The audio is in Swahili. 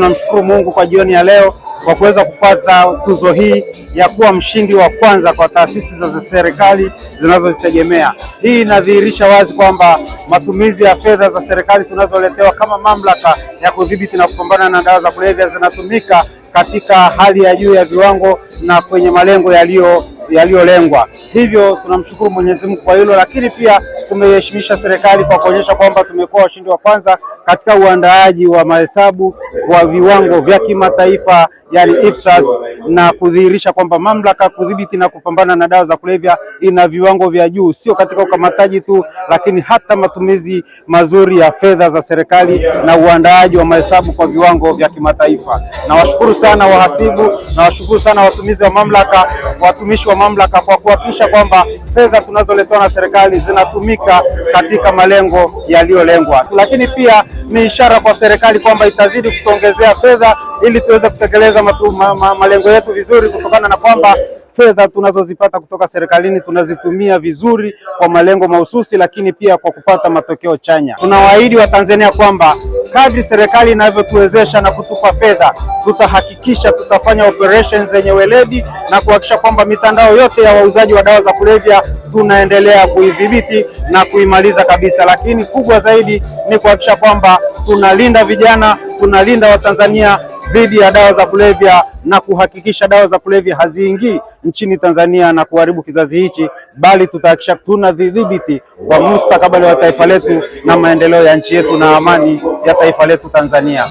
Tunamshukuru Mungu kwa jioni ya leo kwa kuweza kupata tuzo hii ya kuwa mshindi wa kwanza kwa taasisi za serikali zinazozitegemea. Hii inadhihirisha wazi kwamba matumizi ya fedha za serikali tunazoletewa kama mamlaka ya kudhibiti na kupambana na dawa za kulevya zinatumika katika hali ya juu ya viwango na kwenye malengo yaliyo yaliyolengwa. Hivyo tunamshukuru Mwenyezi Mungu kwa hilo, lakini pia kumeheshimisha serikali kwa kuonyesha kwamba tumekuwa washindi wa kwanza katika uandaaji wa mahesabu wa viwango vya kimataifa yani IPSAS, na kudhihirisha kwamba mamlaka kudhibiti na kupambana na dawa za kulevya ina viwango vya juu, sio katika ukamataji tu, lakini hata matumizi mazuri ya fedha za serikali na uandaaji wa mahesabu kwa viwango vya kimataifa. Nawashukuru sana wahasibu, nawashukuru sana watumizi wa mamlaka watumishi wa mamlaka kwa kuhakikisha kwamba fedha tunazoletwa na serikali zinatumika katika malengo yaliyolengwa, lakini pia ni ishara kwa serikali kwamba itazidi kutuongezea fedha ili tuweze kutekeleza ma, ma, malengo yetu vizuri kutokana na kwamba fedha tunazozipata kutoka serikalini tunazitumia vizuri kwa malengo mahususi, lakini pia kwa kupata matokeo chanya. Tunawaahidi Watanzania kwamba kadri serikali inavyotuwezesha na kutupa fedha, tutahakikisha tutafanya operations zenye weledi na kuhakikisha kwamba mitandao yote ya wauzaji wa dawa za kulevya tunaendelea kuidhibiti na kuimaliza kabisa. Lakini kubwa zaidi ni kuhakikisha kwamba tunalinda vijana, tunalinda Watanzania dhidi ya dawa za kulevya na kuhakikisha dawa za kulevya haziingii nchini Tanzania na kuharibu kizazi hichi, bali tutahakikisha tunadhibiti kwa mustakabali wa taifa letu na maendeleo ya nchi yetu na amani ya taifa letu Tanzania.